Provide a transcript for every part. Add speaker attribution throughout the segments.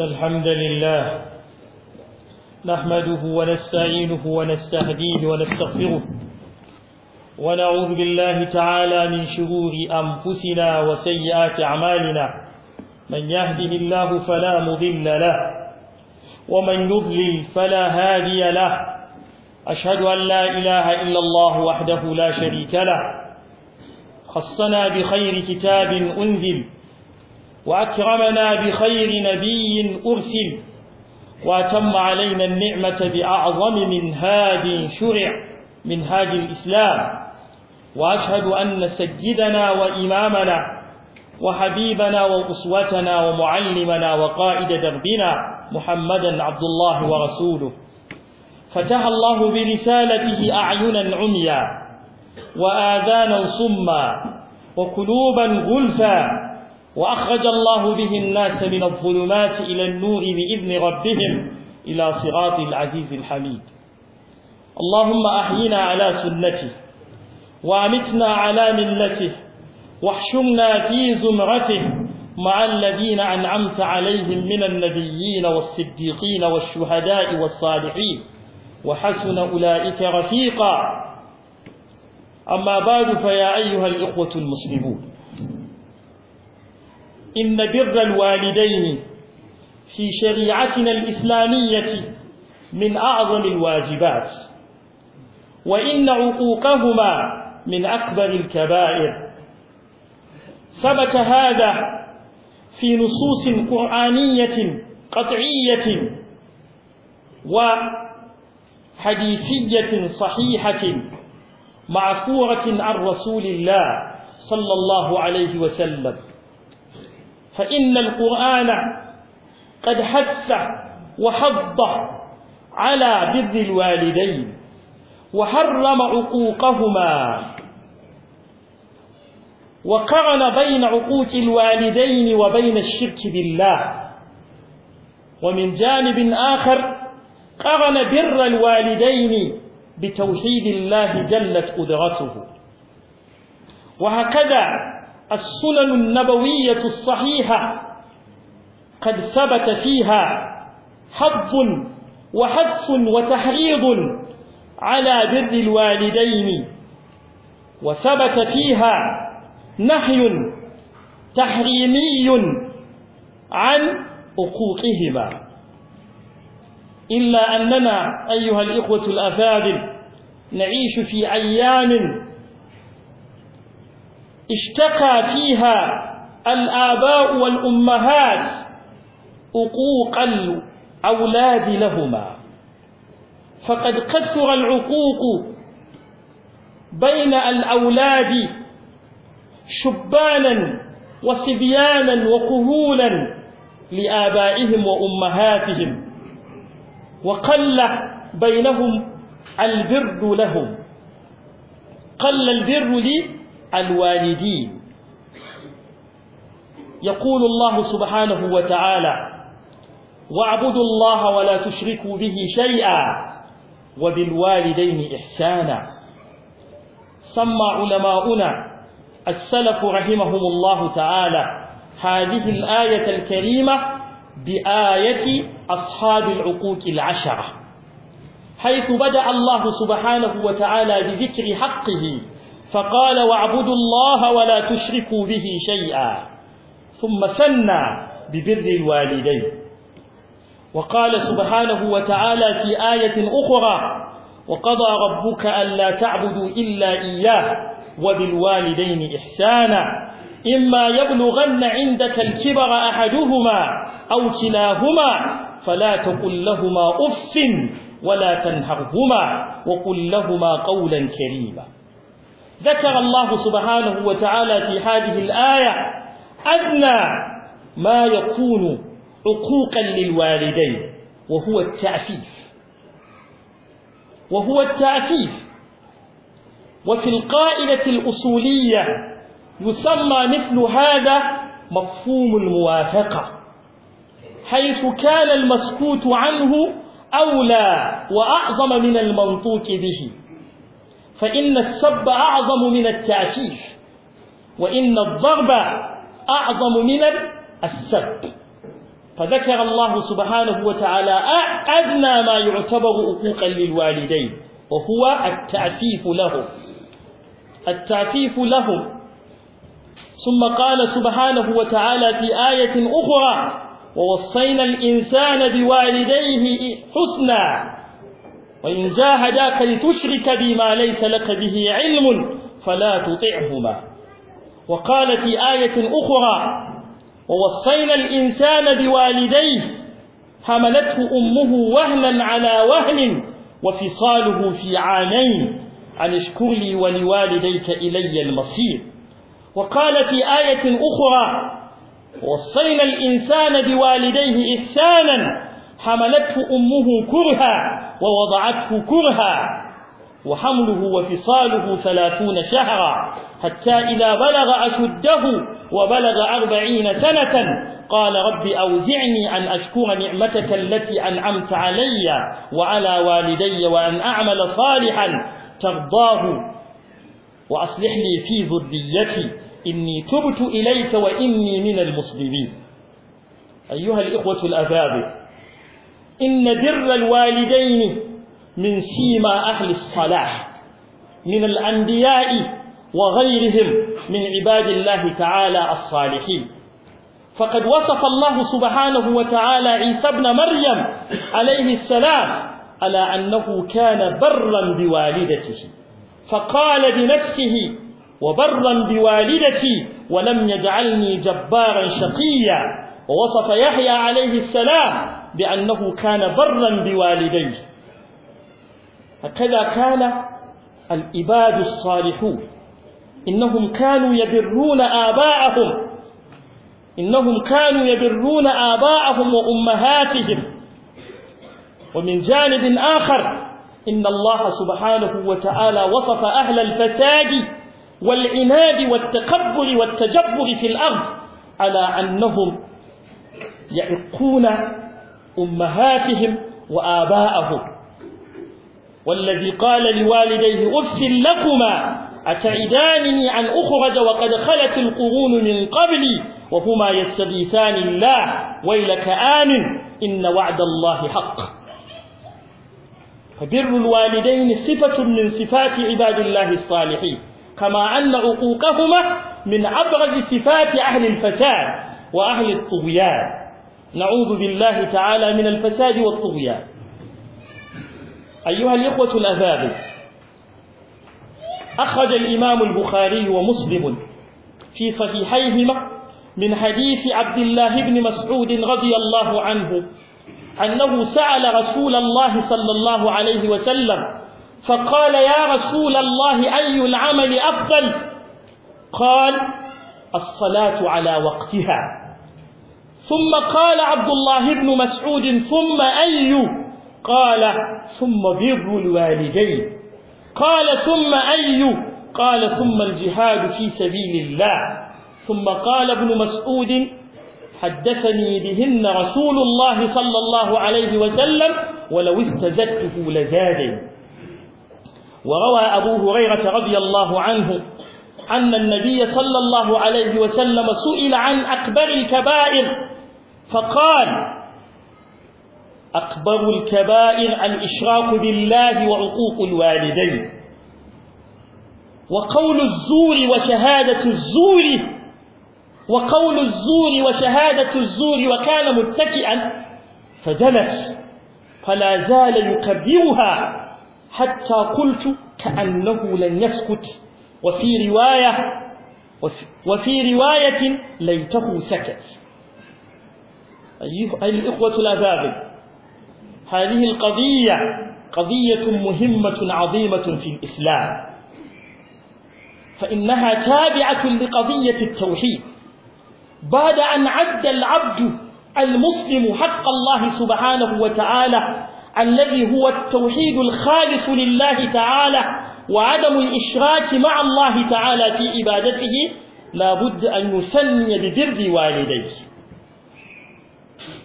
Speaker 1: الحمد لله نحمده ونستعينه ونستهديه ونستغفره ونعوذ بالله تعالى من شرور أنفسنا وسيئات أعمالنا من يهده الله فلا مضل له ومن يضلل فلا هادي له أشهد أن لا إله إلا الله وحده لا شريك له خصنا بخير كتاب أنزل وأكرمنا بخير نبي أرسل وأتم علينا النعمة بأعظم منهاج شرع منهاج الإسلام وأشهد أن سيدنا وإمامنا وحبيبنا وأسوتنا ومعلمنا وقائد دربنا محمدا عبد الله ورسوله فتح الله برسالته أعينا عميا وآذانا صما وقلوبا غلفا وأخرج الله به الناس من الظلمات إلى النور بإذن ربهم إلى صراط العزيز الحميد اللهم أحينا على سنته وامتنا على ملته واحشمنا في زمرته مع الذين أنعمت عليهم من النبيين والصديقين والشهداء والصالحين وحسن أولئك رفيقا أما بعد فيا أيها الإخوة المسلمون إن بر الوالدين في شريعتنا الإسلامية من أعظم الواجبات وإن عقوقهما من أكبر الكبائر ثبت هذا في نصوص قرآنية قطعية وحديثية صحيحة معفورة عن رسول الله صلى الله عليه وسلم فإن القرآن قد حث وحض على بر الوالدين وحرم عقوقهما وقرن بين عقوق الوالدين وبين الشرك بالله ومن جانب آخر قرن بر الوالدين بتوحيد الله جلت قدرته وهكذا السنن النبوية الصحيحة قد ثبت فيها حظ وحث وتحريض على بر الوالدين وثبت فيها نهي تحريمي عن حقوقهما إلا أننا أيها الإخوة الأفاضل نعيش في أيام اشتكى فيها الآباء والأمهات عقوق الأولاد لهما فقد كثر العقوق بين الأولاد شبانا وصبيانا وكهولا لآبائهم وأمهاتهم وقل بينهم البر لهم قل البر لي الوالدين يقول الله سبحانه وتعالى واعبدوا الله ولا تشركوا به شيئا وبالوالدين إحسانا سمى علماؤنا السلف رحمهم الله تعالى هذه الآية الكريمة بآية أصحاب العقوق العشرة حيث بدأ الله سبحانه وتعالى بذكر حقه فقال واعبدوا الله ولا تشركوا به شيئا ثم ثنى ببر الوالدين وقال سبحانه وتعالى في آية أخرى وقضى ربك ألا تعبدوا إلا إياه وبالوالدين إحسانا إما يبلغن عندك الكبر أحدهما أو كلاهما فلا تقل لهما أف ولا تنهرهما وقل لهما قولا كريما ذكر الله سبحانه وتعالى في هذه الآية أدنى ما يكون عقوقا للوالدين وهو التعفيف وهو التعفيف وفي القائلة الأصولية يسمى مثل هذا مفهوم الموافقة حيث كان المسكوت عنه أولى وأعظم من المنطوق به فإن السب أعظم من التعفيف وإن الضرب أعظم من السب فذكر الله سبحانه وتعالى أدنى ما يعتبر حقوقا للوالدين وهو التعفيف لهم التعفيف لهم ثم قال سبحانه وتعالى في آية أخرى ووصينا الإنسان بوالديه حسنا وإن جاهداك لتشرك بما ليس لك به علم فلا تطعهما وقال في آية أخرى ووصينا الإنسان بوالديه حملته أمه وهنا على وهن وفصاله في عامين عن اشكر لي ولوالديك إلي المصير وقال في آية أخرى وصينا الإنسان بوالديه إحسانا حملته أمه كرها ووضعته كرها وحمله وفصاله ثلاثون شهرا حتى إذا بلغ أشده وبلغ أربعين سنة قال رب أوزعني أن أشكر نعمتك التي أنعمت علي وعلى والدي وأن أعمل صالحا ترضاه وأصلح لي في ذريتي إني تبت إليك وإني من المسلمين أيها الإخوة الأبابل إن بر الوالدين من سيما أهل الصلاح من الأنبياء وغيرهم من عباد الله تعالى الصالحين فقد وصف الله سبحانه وتعالى عيسى ابن مريم عليه السلام على أنه كان برا بوالدته فقال بنفسه وبرا بوالدتي ولم يجعلني جبارا شقيا ووصف يحيى عليه السلام بأنه كان برا بوالديه هكذا كان العباد الصالحون إنهم كانوا يبرون آباءهم إنهم كانوا يبرون آباءهم وأمهاتهم ومن جانب آخر إن الله سبحانه وتعالى وصف أهل الفساد والعناد والتكبر والتجبر في الأرض على أنهم يعقون أمهاتهم وآباءهم والذي قال لوالديه أرسل لكما أتعدانني أن أخرج وقد خلت القرون من قبلي وهما يستغيثان الله ويلك آن إن وعد الله حق فبر الوالدين صفة من صفات عباد الله الصالحين كما أن عقوقهما من أبرز صفات أهل الفساد وأهل الطغيان نعوذ بالله تعالى من الفساد والطغيان أيها الإخوة الأباب أخرج الإمام البخاري ومسلم في صحيحيهما من حديث عبد الله بن مسعود رضي الله عنه أنه سأل رسول الله صلى الله عليه وسلم فقال يا رسول الله أي العمل أفضل قال الصلاة على وقتها ثم قال عبد الله بن مسعود ثم أي قال ثم بر الوالدين قال ثم أي قال ثم الجهاد في سبيل الله ثم قال ابن مسعود حدثني بهن رسول الله صلى الله عليه وسلم ولو استزدته لزادني وروى أبو هريرة رضي الله عنه أن النبي صلى الله عليه وسلم سئل عن أكبر الكبائر فقال أكبر الكبائر الإشراك بالله وعقوق الوالدين وقول الزور وشهادة الزور وقول الزور وشهادة الزور وكان متكئا فجلس فلا زال يكررها حتى قلت كأنه لن يسكت وفي رواية وفي رواية ليته سكت أيها الإخوة الأفاضل هذه القضية قضية مهمة عظيمة في الإسلام فإنها تابعة لقضية التوحيد بعد أن عد العبد المسلم حق الله سبحانه وتعالى الذي هو التوحيد الخالص لله تعالى وعدم الإشراك مع الله تعالى في عبادته لا بد أن يسمي ببر والديه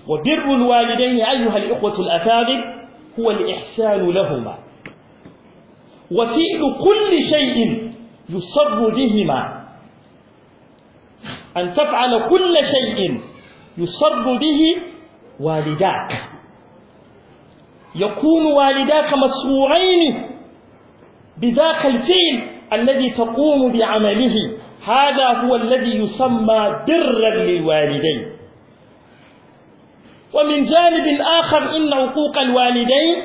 Speaker 1: وبر الوالدين أيها الإخوة الأكاذب هو الإحسان لهما وفعل كل شيء يصر بهما أن تفعل كل شيء يصر به والداك يكون والداك مسرورين بذاك الفعل الذي تقوم بعمله هذا هو الذي يسمى برا للوالدين ومن جانب آخر إن عقوق الوالدين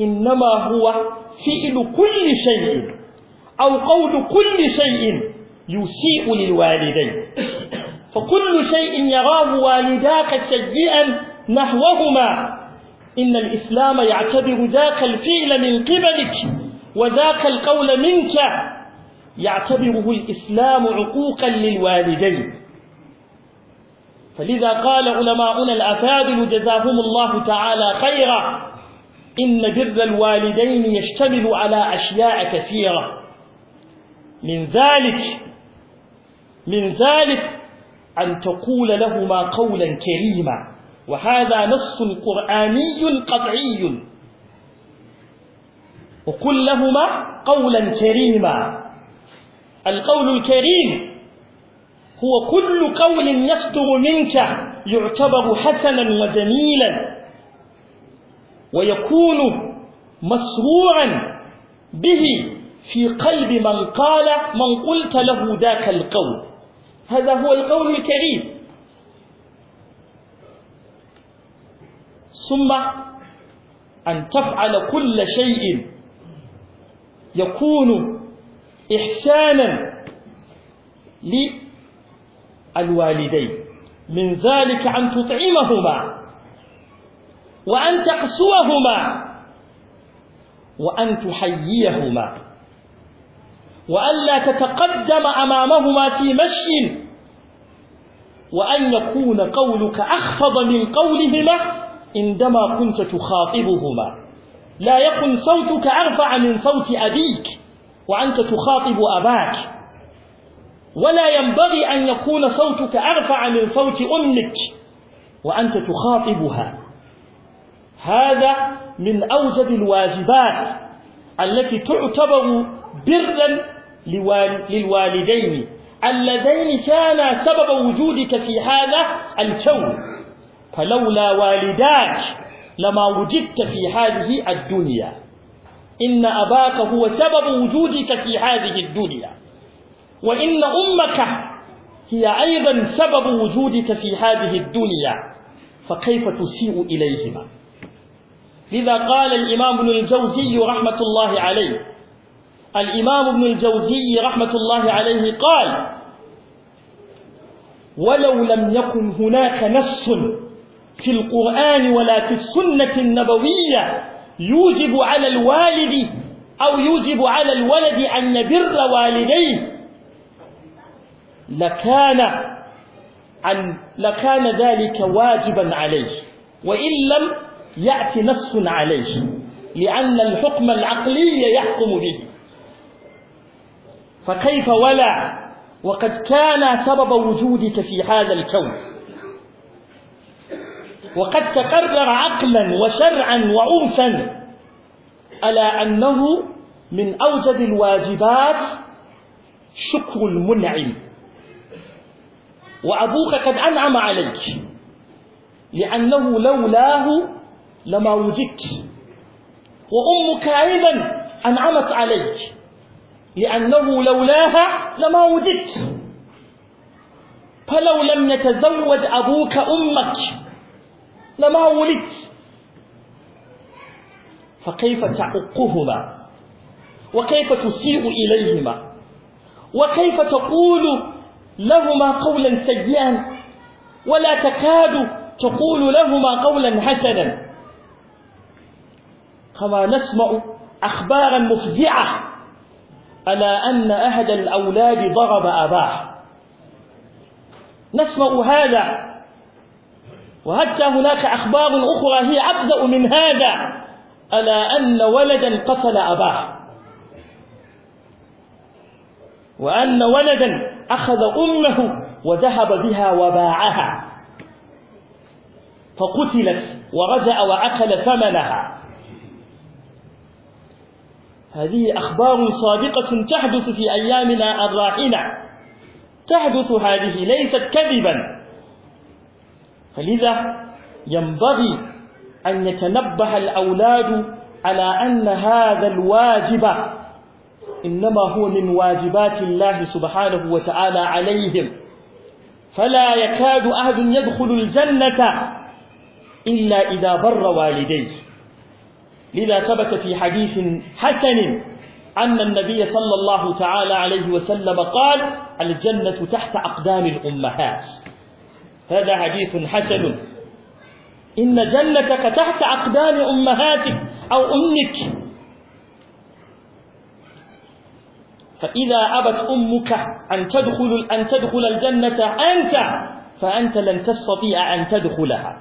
Speaker 1: إنما هو فعل كل شيء أو قول كل شيء يسيء للوالدين فكل شيء يراه والداك سيئا نحوهما إن الإسلام يعتبر ذاك الفعل من قبلك وذاك القول منك يعتبره الإسلام عقوقا للوالدين فلذا قال علماؤنا الأفاضل جزاهم الله تعالى خيرا إن بر الوالدين يشتمل على أشياء كثيرة من ذلك من ذلك أن تقول لهما قولا كريما وهذا نص قرآني قطعي وقل لهما قولا كريما القول الكريم هو كل قول يصدر منك يعتبر حسنا وجميلا ويكون مسروعا به في قلب من قال من قلت له ذاك القول هذا هو القول الكريم ثم أن تفعل كل شيء يكون إحسانا ح الوالدين من ذلك أن تطعمهما وأن تقسوهما وأن تحييهما وألا تتقدم أمامهما في مشي وأن يكون قولك أخفض من قولهما عندما كنت تخاطبهما لا يكن صوتك أرفع من صوت أبيك وأنت تخاطب أباك ولا ينبغي أن يكون صوتك أرفع من صوت أمك وأنت تخاطبها هذا من أوجب الواجبات التي تعتبر برا للوالدين اللذين كانا سبب وجودك في هذا الكون فلولا والداك لما وجدت في هذه الدنيا إن أباك هو سبب وجودك في هذه الدنيا وإن أمك هي أيضا سبب وجودك في هذه الدنيا فكيف تسيء إليهما لذا قال الإمام ابن الجوزي رحمة الله عليه الإمام ابن الجوزي رحمة الله عليه قال ولو لم يكن هناك نص في القرآن ولا في السنة النبوية يوجب على الوالد أو يوجب على الولد أن يبر والديه لكان عن لكان ذلك واجبا عليه وإن لم يأتي نص عليه لأن الحكم العقلي يحكم به فكيف ولا وقد كان سبب وجودك في هذا الكون وقد تقرر عقلا وشرعا وعنفا ألا أنه من أوجد الواجبات شكر المنعم وأبوك قد أنعم عليك لأنه لولاه لما وجدت وأمك أيضا أنعمت عليك لأنه لولاها لما وجدت فلو لم يتزوج أبوك أمك لما ولدت فكيف تعقهما وكيف تسيء إليهما وكيف تقول لهما قولا سيئا ولا تكاد تقول لهما قولا حسنا كما نسمع أخبارا مفزعة على أن أحد الأولاد ضرب أباه نسمع هذا وحتى هناك أخبار أخرى هي أبدأ من هذا على أن ولدا قتل أباه وأن ولدا أخذ أمه وذهب بها وباعها فقتلت ورجع وأكل ثمنها هذه أخبار صادقة تحدث في أيامنا الراحلة تحدث هذه ليست كذبا فلذا ينبغي أن يتنبه الأولاد على أن هذا الواجب إنما هو من واجبات الله سبحانه وتعالى عليهم فلا يكاد أحد يدخل الجنة إلا إذا بر والديه لذا ثبت في حديث حسن أن النبي صلى الله تعالى عليه وسلم قال الجنة تحت أقدام الأمهات هذا حديث حسن إن جنتك تحت أقدام أمهاتك أو أمك فإذا أبت أمك أن تدخل, أن تدخل الجنة أنت فأنت لن تستطيع أن تدخلها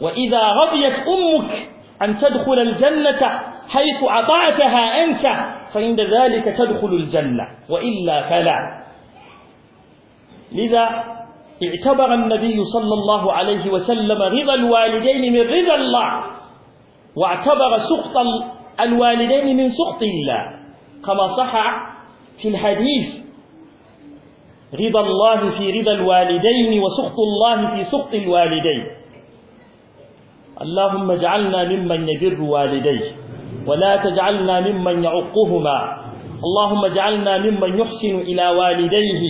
Speaker 1: وإذا رضيت أمك أن تدخل الجنة حيث أطعتها أنت فعند ذلك تدخل الجنة وإلا فلا لذا اعتبر النبي صلى الله عليه وسلم رضا الوالدين من رضا الله واعتبر سخط الوالدين من سخط الله كما صح في الحديث رضا الله في رضا الوالدين وسخط الله في سخط الوالدين اللهم اجعلنا ممن يبر والديه ولا تجعلنا ممن يعقهما اللهم اجعلنا ممن يحسن إلى والديه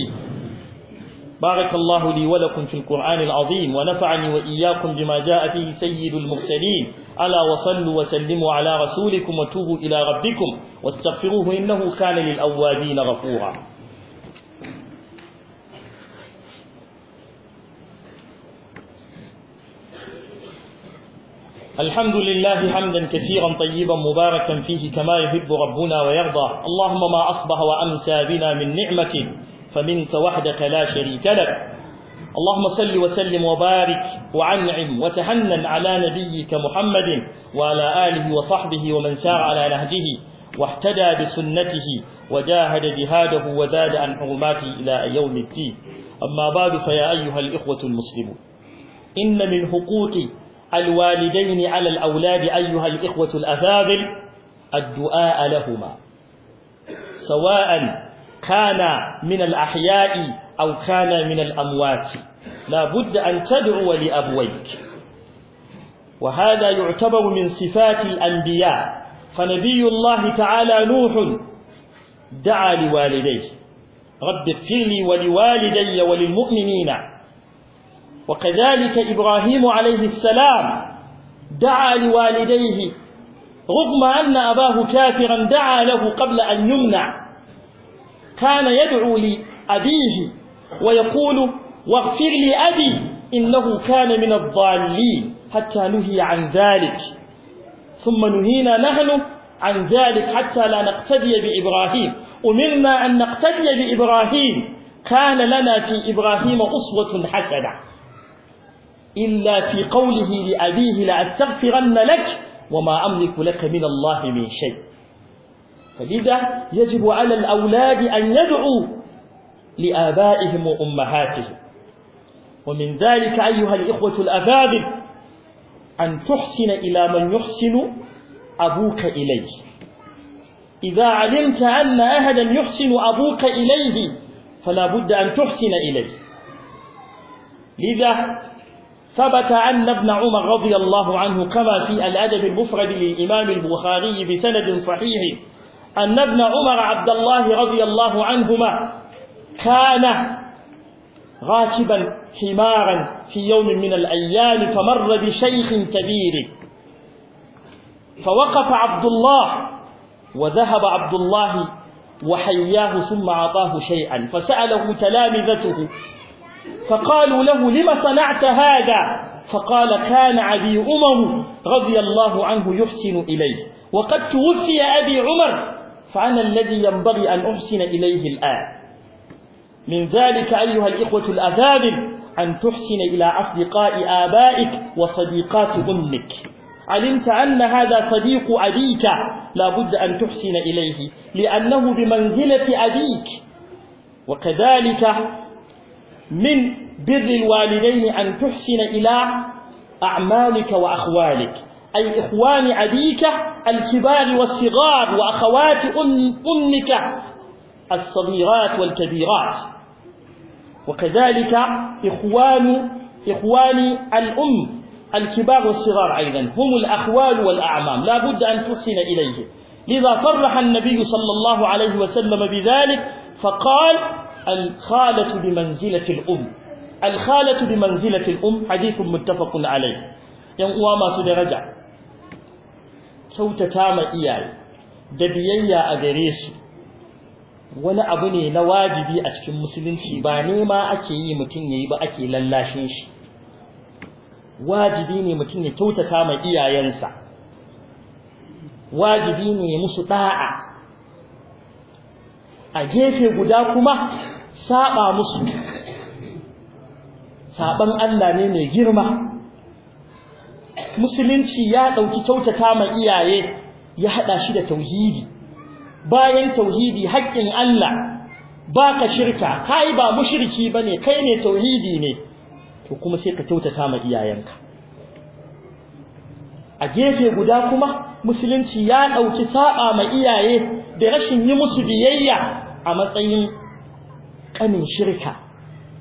Speaker 1: بارك الله لي ولكم في القرآن العظيم ونفعني وإياكم بما جاء فيه سيد المرسلين ألا وصلوا وسلموا على رسولكم وتوبوا إلى ربكم واستغفروه إنه كان للأوابين غفورا الحمد لله حمدا كثيرا طيبا مباركا فيه كما يحب ربنا ويرضى اللهم ما أصبح وأمسى بنا من نعمة فمنك وحدك لا شريك لك اللهم صل وسلم وبارك وعنعم وتهنن على نبيك محمد وعلى آله وصحبه ومن سار على نهجه واحتدى بسنته وجاهد جهاده وزاد عن حرماته إلى يوم الدين أما بعد فيا أيها الإخوة المسلمون إن من حقوق الوالدين على الأولاد أيها الإخوة الأفاضل الدعاء لهما سواء كان من الأحياء أو كان من الأموات لا بد أن تدعو لأبويك وهذا يعتبر من صفات الأنبياء فنبي الله تعالى نوح دعا لوالديه رب اغفر لي ولوالدي وللمؤمنين وكذلك إبراهيم عليه السلام دعا لوالديه رغم أن أباه كافرا دعا له قبل أن يمنع كان يدعو لأبيه ويقول واغفر لي أبي إنه كان من الضالين حتى نهي عن ذلك ثم نهينا نحن عن ذلك حتى لا نقتدي بإبراهيم أمرنا أن نقتدي بإبراهيم كان لنا في إبراهيم أسوة حسنة إلا في قوله لأبيه لاستغفرن لك وما أملك لك من الله من شيء فلذا يجب على الأولاد أن يدعوا لآبائهم وأمهاتهم ومن ذلك أيها الإخوة الأفاضل أن تحسن إلى من يحسن أبوك إليه إذا علمت أن أحدا يحسن أبوك إليه فلا بد أن تحسن إليه لذا ثبت أن ابن عمر رضي الله عنه كما في الأدب المفرد للإمام البخاري بسند صحيح أن ابن عمر عبد الله رضي الله عنهما كان راكبا حمارا في يوم من الأيام فمر بشيخ كبير فوقف عبد الله وذهب عبد الله وحياه ثم أعطاه شيئا فسأله تلامذته فقالوا له لم صنعت هذا فقال كان أبي عمر رضي الله عنه يحسن إليه وقد توفي أبي عمر فأنا الذي ينبغي أن أحسن إليه الآن من ذلك أيها الإخوة الأذابل أن تحسن إلى أصدقاء آبائك وصديقات أمك علمت أن هذا صديق أبيك لا بد أن تحسن إليه لأنه بمنزلة أبيك وكذلك من بر الوالدين أن تحسن إلى أعمالك وأخوالك أي إخوان أبيك الكبار والصغار وأخوات أمك الصغيرات والكبيرات وكذلك إخوان إخوان الأم الكبار والصغار أيضا هم الأخوال والأعمام لا بد أن تحسن إليه لذا صرح النبي صلى الله عليه وسلم بذلك فقال الخالة بمنزلة الأم الخالة بمنزلة الأم حديث متفق عليه يوم ما masu رجع kyautata ma iyaye da biyayya wani abu ne na wajibi a cikin musulunci ba nema ake yi mutum ya yi ba ake lallashin shi wajibi ne mutum ya kyautata ma iyayensa wajibi ne ya musu da'a a gefe guda kuma saba musu saban Allah ne mai girma musulunci ya dauki kyautata ma iyaye ya hada shi da tauhidi bayan tauhidi haƙƙin Allah ba ka shirka kai ba mushriki bane kai ne tauhidi ne to kuma sai ka kyautata ma iyayenka a gefe guda kuma musulunci ya dauki saba ma iyaye da rashin yi musu biyayya a matsayin kanin shirka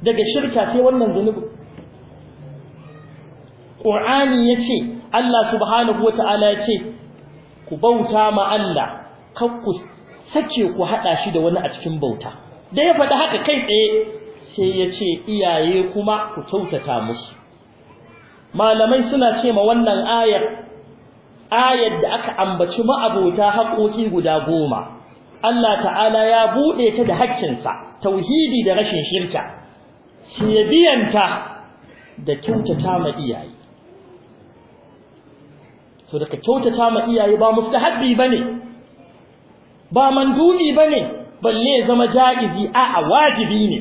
Speaker 1: daga shirka sai wannan zanubi Qur'ani yace Allah subhanahu wataala yace ku bauta ma Allah kakku sake ku haɗa shi da wani a cikin bauta da ya faɗi haka kai tsaye sai ya ce iyaye kuma ku kyautata musu malamai suna ce ma wannan ayar ayar da aka ambaci ma abota haƙoƙi guda goma Allah ta'ala ya buɗe ta da haƙƙinsa tauhidi da rashin shirka shi ya biyanta da kyautata ma iyaye so daga kyautata ma iyaye ba musu da haddi bane ba mandubi bane balle ya zama jaizi a'a wajibi ne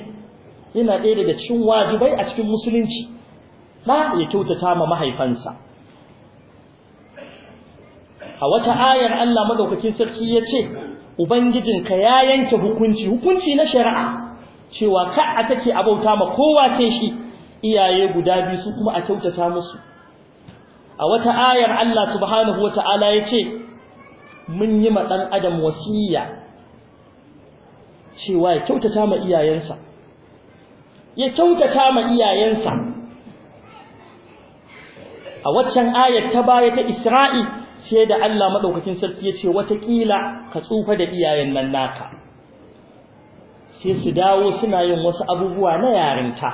Speaker 1: yana ɗaya daga cikin wajibai a cikin musulunci ɗa ya kyautata ma mahaifansa a wata ayar Allah madaukakin sarki ya ce ubangijinka ya yanke hukunci hukunci na shari'a cewa ka a take abauta ma kowa sai shi iyaye guda biyu su kuma a kyautata musu a wata ayar Allah subhanahu wata'ala ya ce mun yi ma dan adam wasiya cewa ya kyautata ma iyayensa ya kyautata ma iyayensa a waccan ayat ta baya ta Isra'i sai da Allah madaukakin sarki ya ce watakila ka tsufa da iyayen nan naka sai su dawo suna yin wasu abubuwa na yarinta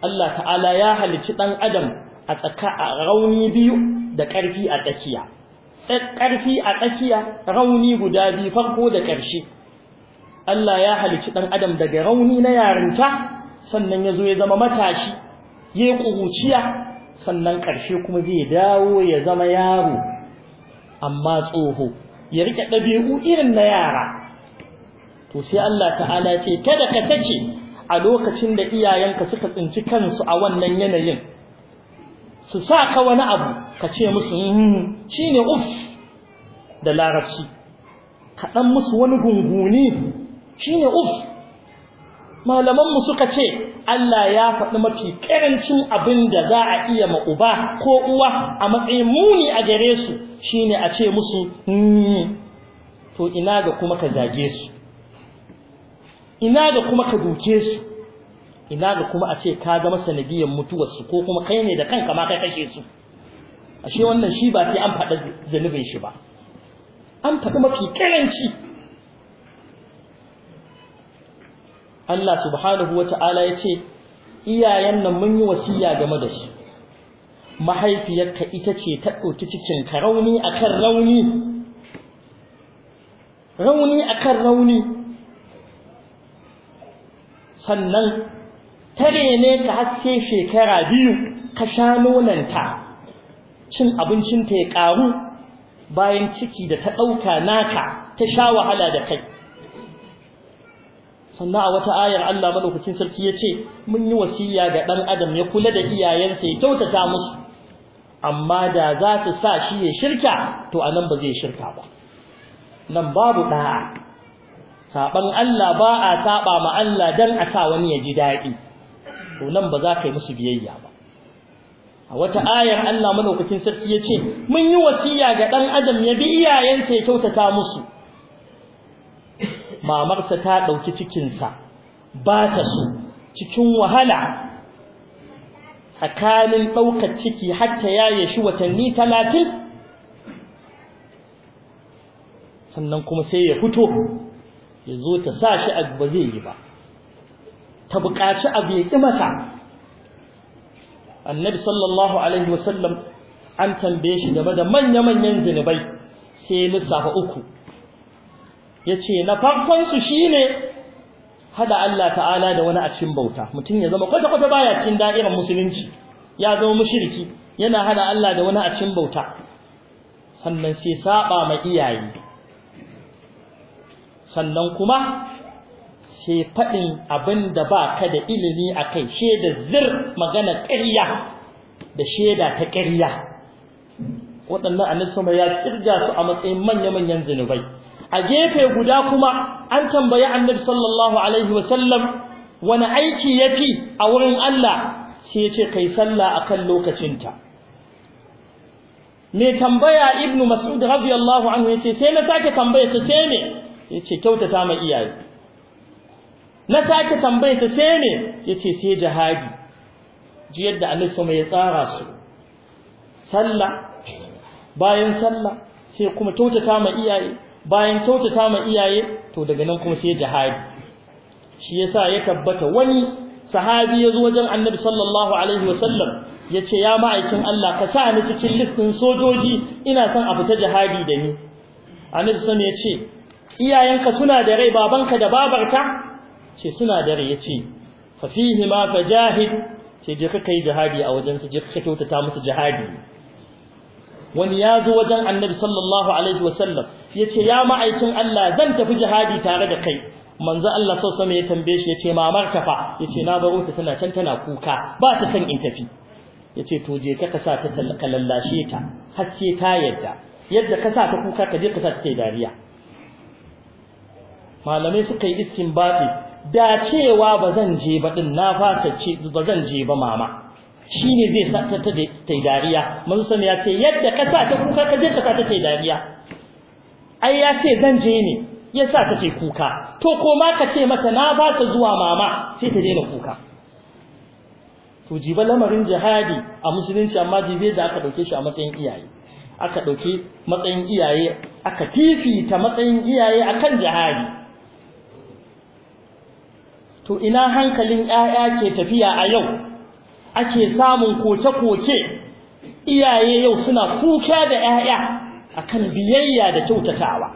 Speaker 1: Allah ta'ala ya halicci dan adam a tsaka a rauni biyu da ƙarfi a tsakiya ƙarfi a tsakiya rauni guda biyu farko da ƙarshe Allah ya halicci ɗan adam daga rauni na yarinta sannan ya zo ya zama matashi ya yi ƙuruciya sannan ƙarshe kuma zai dawo ya zama yaro amma tsoho ya riƙe ɗabi'u irin na yara to sai Allah ta'ala ce kada ka take a lokacin da iyayenka suka tsinci kansu a wannan yanayin su sa ka wani abu ka ce musu hmm, Shi ne uf da larabci kaɗan musu wani gunguni shi ne uf malamanmu suka ce Allah ya faɗi mafi ƙarancin abin da za a iya ma'uba ko uwa a matsayin muni a gare su shi ne a ce musu mm. to ina ga kuma ka zage su ina ga kuma ka duke su ina ga kuma a ce ka zama sanadiyar mutuwarsu ko kuma kai ne da kanka ma kai kashe su ashe wannan shi ba sai an fada zanubin shi ba an fada mafi karanci Allah subhanahu wata'ala ya ce iyayen nan mun yi wasiya game da shi mahaifiyarka ita ce ta ɗauki cikin karauni rauni akan rauni rauni akan rauni sannan tare ne ka haske shekara biyu ka sha nonanta cin abincinta ya ƙaru bayan ciki da ta ɗauka naka ta sha wahala da kai sannan a wata ayar Allah madaukakin sarki ya ce mun yi wasiya ga ɗan adam ya kula da iyayensa ya kyautata musu amma da za ta sa shi ya shirka to a nan ba zai shirka ba nan babu ɗa'a saɓan Allah ba a saɓa ma Allah don a sa wani ya ji daɗi to nan ba za ka yi musu biyayya ba a wata ayar Allah madaukakin sarki yace mun yi wasiya ga dan adam ya bi iyayensa ya kyautata musu mamarsa ta dauki cikin sa ba ta so cikin wahala tsakanin daukar ciki har ta yaye shi watanni 30 sannan kuma sai ya fito ya zo ta sa shi abu ba zai yi ba ta buƙaci abu ya kima masa annabi sallallahu alaihi wasallam an tambaye shi game da manya-manyan zinubai sai lissafa uku ya ce na farkonsu shi ne hada Allah ta'ala da wani a cikin bauta mutum ya zama kwata-kwata baya cikin da'irar musulunci ya zama mushriki yana hada Allah da wani a cikin bauta sannan sai saba ma iyaye sannan kuma sai faɗin abin da ba ka da ilimi a kai shaidar zir magana ƙarya da shaida ta ƙarya waɗannan annisoma ya kirga su a matsayin manya-manyan zinubai. a gefe guda kuma an tambayi annabi sallallahu alaihi wasallam wani aiki ya fi a wurin Allah sai ya ce kai sallah a kan lokacinta mai tambaya ibnu mas'ud radiyallahu anhu ya ce sai na sake tambaya ta sai ne ya ce kyautata ma iyaye na sake ta sai ne yace sai jihadi ji yadda Allah sama ya tsara su sallah bayan sallah sai kuma kyautata ma iyaye bayan kyautata ma iyaye to daga nan kuma sai jihadi shi yasa ya tabbata wani sahabi ya zo wajen Annabi sallallahu alaihi wasallam yace ya ma'aikin Allah ka sa ni cikin listin sojoji ina son a fita jihadi da ni Annabi sallallahu alaihi wasallam yace iyayenka suna da rai babanka da babarka ce suna dare yace fa fihi ma fajahid ce je ka kai jihadi a wajen su je ka kyautata musu jihadi wani ya zo wajen annabi sallallahu alaihi wasallam ya ce ya ma'aikin Allah zan tafi jihadi tare da kai manzo Allah sau sama ya tambaye shi ya ce mamar fa ya ce na baro ta tana can tana kuka ba ta san in tafi ya ce to je ka ka ta ka lallashe ta har ta yadda yadda ka sa ta kuka ka je ka sa ta dariya malamai suka yi istinbati da cewa ba zan je ba din na fata ce ba zan je ba mama shine zai sa ta ta tai dariya mun san ya ce yadda ka sa ta kuka ka je ka sa ta tai dariya ai ya ce zan je ne ya sa ta tai kuka to ko ma ka ce mata na fata zuwa mama sai ta daina kuka to jiba lamarin jihadi a musulunci amma jibe da aka dauke shi a matsayin iyaye aka dauke matsayin iyaye aka fifita matsayin iyaye akan jihadi to ina hankalin ƴaƴa ke tafiya a yau ake samun koce-koce iyaye yau suna kuka da ƴaƴa akan biyayya da kyautatawa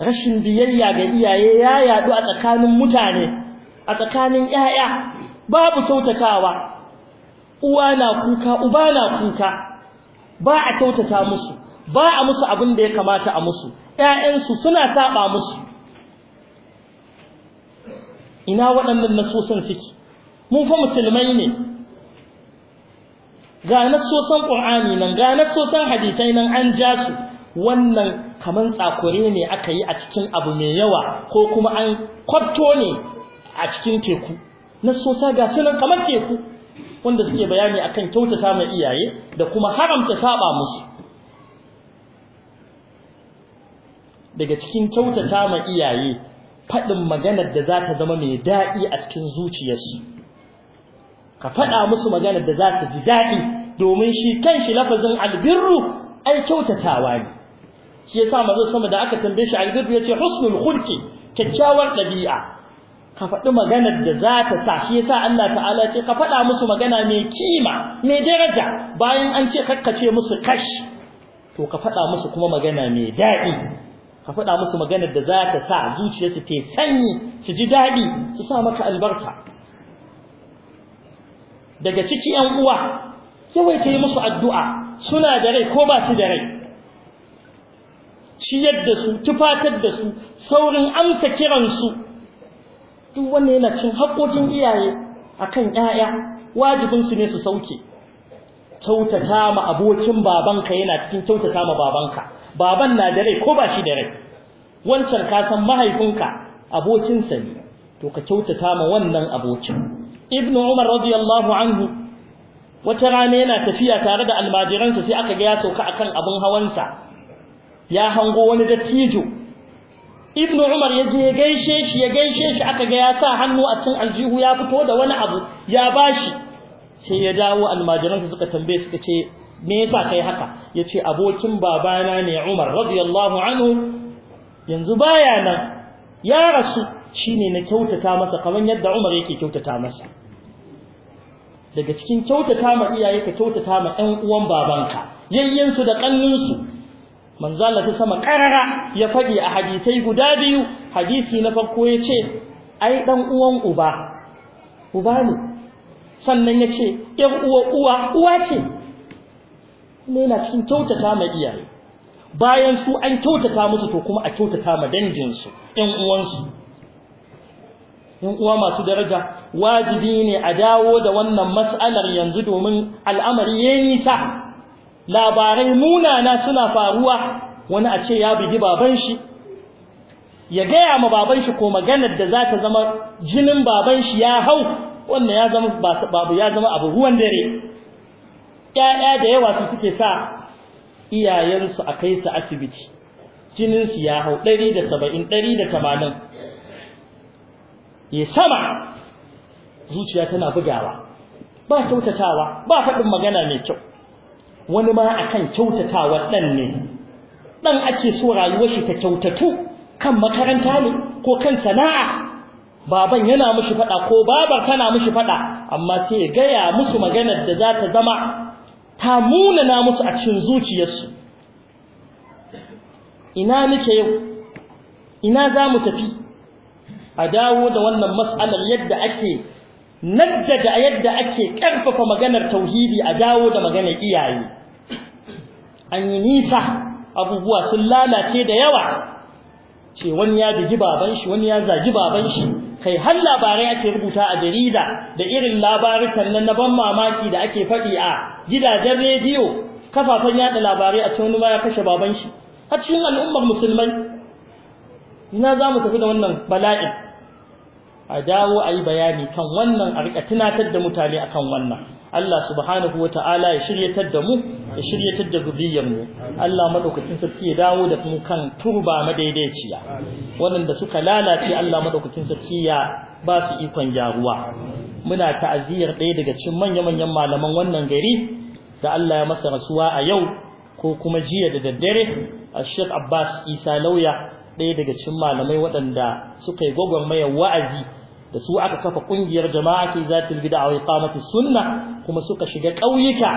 Speaker 1: rashin biyayya ga iyaye ya yadu a tsakanin mutane a tsakanin ƴaƴa babu kyautatawa uwa na kuka uba na kuka ba a kyautata musu ba a musu abin da ya kamata a musu ƴaƴansu suna saba musu ina waɗannan nasosan suke mun fa musulmai ne ga nasosan qur'ani nan ga nasosan hadisai nan an ja su wannan kaman tsakure ne aka yi a cikin abu mai yawa ko kuma an kwabto ne a cikin teku nasosa ga su nan kaman teku wanda suke bayani akan kyautata ma iyaye da kuma haramta saba musu daga cikin kyautata ma iyaye faɗin maganar da za ta zama mai daɗi a cikin zuciyarsu ka faɗa musu maganar da za ta ji daɗi domin shi kanshi lafazin albirru ai kyautatawa ne shi ya yasa manzo sama da aka tambaye shi albirru ce, husnul hulki kyakkyawar ɗabi'a ka faɗi maganar da za ta sa shi ya sa Allah ta'ala ce ka faɗa musu magana mai kima mai daraja bayan an ce kakkace musu kash to ka faɗa musu kuma magana mai daɗi ka faɗa musu maganar da za ta sa zuciyarsu ta sanyi su ji daɗi su sa maka albarka daga ciki ‘yan uwa ta yi musu addu'a suna da rai ko ba su da rai ciyar da su tufatar da su saurin amsa kiransu duk wanda yana cin haƙoƙin iyaye a kan ‘ya'ya wajibinsu ne su sauke kyautata ma abokin babanka yana cikin kyautata ma babanka baban na da rai ko ba shi da rai wancan ka san mahaifinka abokinsa ne to ka kyautata ma wannan abokin ibnu umar radiyallahu anhu wata rana yana tafiya tare da almajiransa sai aka ga ya sauka akan abin hawansa ya hango wani dattijo ibnu umar ya je gaishe shi ya gaishe shi aka ga ya sa hannu a cikin aljihu ya fito da wani abu ya bashi sai ya dawo almajiransa suka tambaye suka ce me yasa kai haka yace abokin babana ne Umar radiyallahu anhu yanzu baya nan ya rasu shine na kyautata masa kaman yadda Umar yake kyautata masa daga cikin kyautata ma iyaye ka kyautata ma ɗan uwan babanka yayyen su da kannun su manzo Allah ta sama karara ya faɗi a hadisai guda biyu hadisi na farko yace ai dan uwan uba uba ne sannan yace ɗan uwa uwa uwa ce ne yana cikin kyautata ma iyaye bayan su an kyautata musu to kuma a kyautata ma danginsu 'yan uwansu ɗan uwa masu daraja wajibi ne a dawo da wannan matsalar yanzu domin al'amari ya nisa labarai munana suna faruwa wani a ce ya bugi baban shi ya gaya ma baban shi ko maganar da za ta zama jinin baban shi ya hau wannan ya zama babu ya zama abu ruwan dare ƴaƴa da yawa su suke sa iyayensu a kai su asibiti jininsu ya hau ɗari da saba'in ɗari da tamanin ya sama zuciya tana bugawa ba kyautatawa ba faɗin magana mai kyau wani ma akan kyautatawa ɗan ne ɗan ake so rayuwar shi ta kyautatu kan makaranta ne ko kan sana'a baban yana mushi faɗa ko babar tana mushi faɗa amma sai ya gaya musu maganar da za ta zama ta munana musu a cikin zuciyarsu ina muke yau ina za mu tafi a dawo da wannan matsalar yadda ake da yadda ake ƙarfafa maganar tauhidi a dawo da maganar iyaye an yi nisa abubuwa sun lalace da yawa ce wani ya bigi baban shi wani ya zagi baban shi kai har labarai ake rubuta a jarida da irin labarukan nan na ban mamaki da ake faɗi a gidajen rediyo kafafen yada labarai a cikin ma ya kashe baban shi a cikin al'ummar musulmai ina za mu tafi da wannan bala'in a dawo a yi bayani kan wannan a riƙa tunatar da mutane akan wannan Allah subhanahu wa ta'ala ya shiryatar da mu ya shiryatar da zuriyar mu Allah madaukakin sarki ya dawo da mu kan turba madaidaiciya waɗanda suka lalace Allah madaukakin sarki ya ba su ikon gyaruwa muna ta'aziyar ɗaya daga cikin manya-manyan malaman wannan gari da Allah ya masa rasuwa a yau ko kuma jiya da daddare a Sheikh Abbas Isa Lauya ɗaya daga cikin malamai waɗanda suka yi gwagwarmayar wa'azi da su aka kafa kungiyar jama'ati zatul bid'a wa iqamati sunna kuma suka shiga ƙauyuka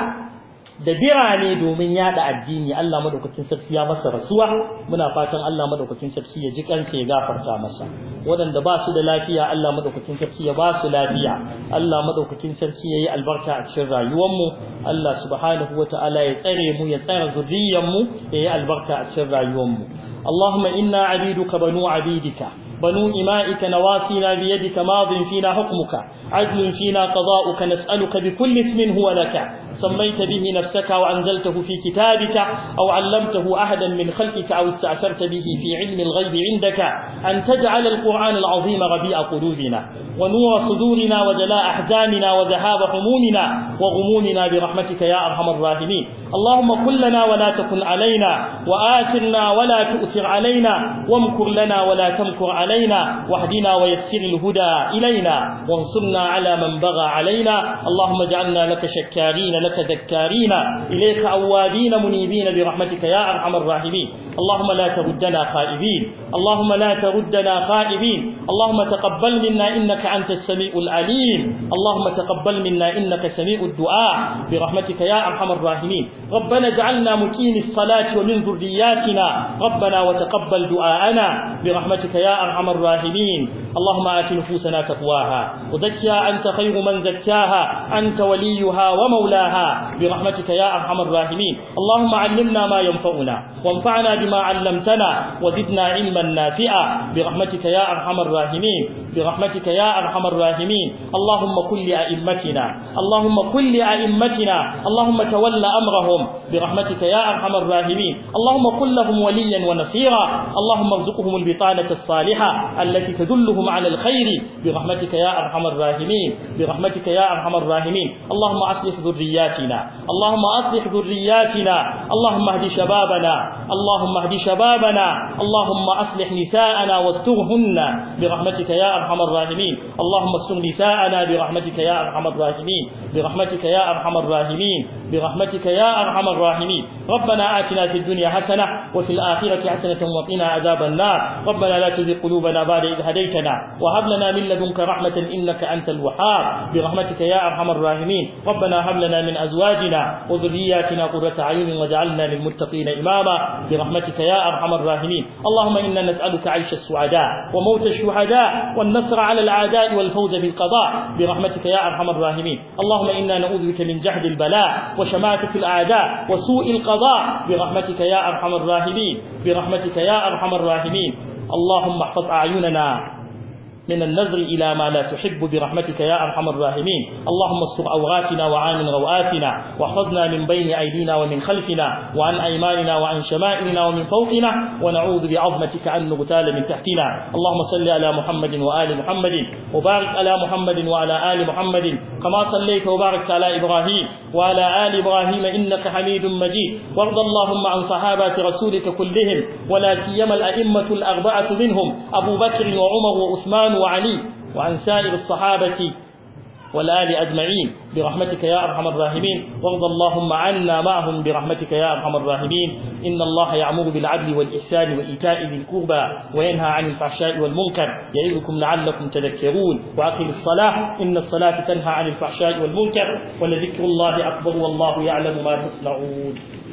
Speaker 1: da birane domin yada addini Allah madaukakin sarki ya masa rasuwa muna fatan Allah madaukakin sarki ya ji kanka ya gafarta masa waɗanda ba su da lafiya Allah madaukakin sarki ya ba su lafiya Allah madaukakin sarki yayi albarka a cikin rayuwar mu Allah subhanahu wataala ya tsare mu ya tsare zuriyar mu ya yi albarka a cikin rayuwar mu Allahumma inna abiduka banu abidika بنو إمائك نواسينا بيدك ماض فينا حكمك عدل فينا قضاؤك نسألك بكل اسم هو لك سميت به نفسك وأنزلته في كتابك أو علمته أحدا من خلقك أو استعثرت به في علم الغيب عندك أن تجعل القرآن العظيم ربيع قلوبنا ونور صدورنا وجلاء أحزاننا وذهاب همومنا وغمومنا برحمتك يا أرحم الراحمين اللهم كن لنا ولا تكن علينا وآثرنا ولا تؤثر علينا وامكر لنا ولا تمكر علينا علينا واهدنا ويسر الهدى إلينا وانصرنا على من بغى علينا اللهم اجعلنا لك شكارين لك ذكارين إليك أوابين منيبين برحمتك يا أرحم الراحمين اللهم لا تردنا خائبين اللهم لا تردنا خائبين اللهم تقبل منا إنك أنت السميع العليم اللهم تقبل منا إنك سميع الدعاء برحمتك يا أرحم الراحمين ربنا اجعلنا مقيم الصلاة ومن ذرياتنا ربنا وتقبل دعاءنا برحمتك يا أرحم أرحم الراحمين اللهم آت نفوسنا تقواها وزكها أنت خير من زكاها أنت وليها ومولاها برحمتك يا أرحم الراحمين اللهم علمنا ما ينفعنا وانفعنا بما علمتنا وزدنا علما نافعا برحمتك يا أرحم الراحمين برحمتك يا أرحم الراحمين اللهم كل أئمتنا اللهم كل أئمتنا اللهم تول أمرهم برحمتك يا أرحم الراحمين اللهم كن لهم وليا ونصيرا اللهم ارزقهم البطانة الصالحة التي تدلهم على الخير برحمتك يا أرحم الراحمين برحمتك يا أرحم الراحمين اللهم أصلح ذرياتنا اللهم أصلح ذرياتنا اللهم اهد شبابنا اللهم اهد شبابنا اللهم أصلح نساءنا واسترهن برحمتك يا أرحم ارحم الراحمين اللهم استر نساءنا برحمتك يا ارحم الراحمين برحمتك يا ارحم الراحمين برحمتك يا أرحم الراحمين ربنا آتنا في الدنيا حسنة وفي الآخرة حسنة وقنا عذاب النار ربنا لا تزغ قلوبنا بعد إذ هديتنا وهب لنا من لدنك رحمة إنك أنت الوهاب برحمتك يا أرحم الراحمين ربنا هب لنا من أزواجنا وذرياتنا قرة أعين واجعلنا للمتقين إماما برحمتك يا أرحم الراحمين اللهم إنا نسألك عيش السعداء وموت الشهداء والنصر على الاعداء والفوز بالقضاء برحمتك يا أرحم الراحمين اللهم إنا نعوذ بك من جهد البلاء وشماتة الأعداء وسوء القضاء برحمتك يا أرحم الراحمين برحمتك يا أرحم الراحمين اللهم احفظ أعيننا من النظر إلى ما لا تحب برحمتك يا أرحم الراحمين اللهم استر أوغاتنا وعامل غواتنا واخذنا من بين أيدينا ومن خلفنا وعن أيماننا وعن شمائلنا ومن فوقنا ونعوذ بعظمتك أن نغتال من تحتنا اللهم صل على محمد وآل محمد وبارك على محمد وعلى آل محمد كما صليت وباركت على إبراهيم وعلى آل إبراهيم إنك حميد مجيد وارض اللهم عن صحابة رسولك كلهم ولا سيما الأئمة الأربعة منهم أبو بكر وعمر وعثمان وعلي وعن سائر الصحابة والآل أجمعين برحمتك يا أرحم الراحمين وارض اللهم عنا معهم برحمتك يا أرحم الراحمين إن الله يعمر بالعدل والإحسان وإيتاء ذي القربى وينهى عن الفحشاء والمنكر يعظكم لعلكم تذكرون وأقم الصلاة إن الصلاة تنهى عن الفحشاء والمنكر ولذكر الله أكبر والله يعلم ما تصنعون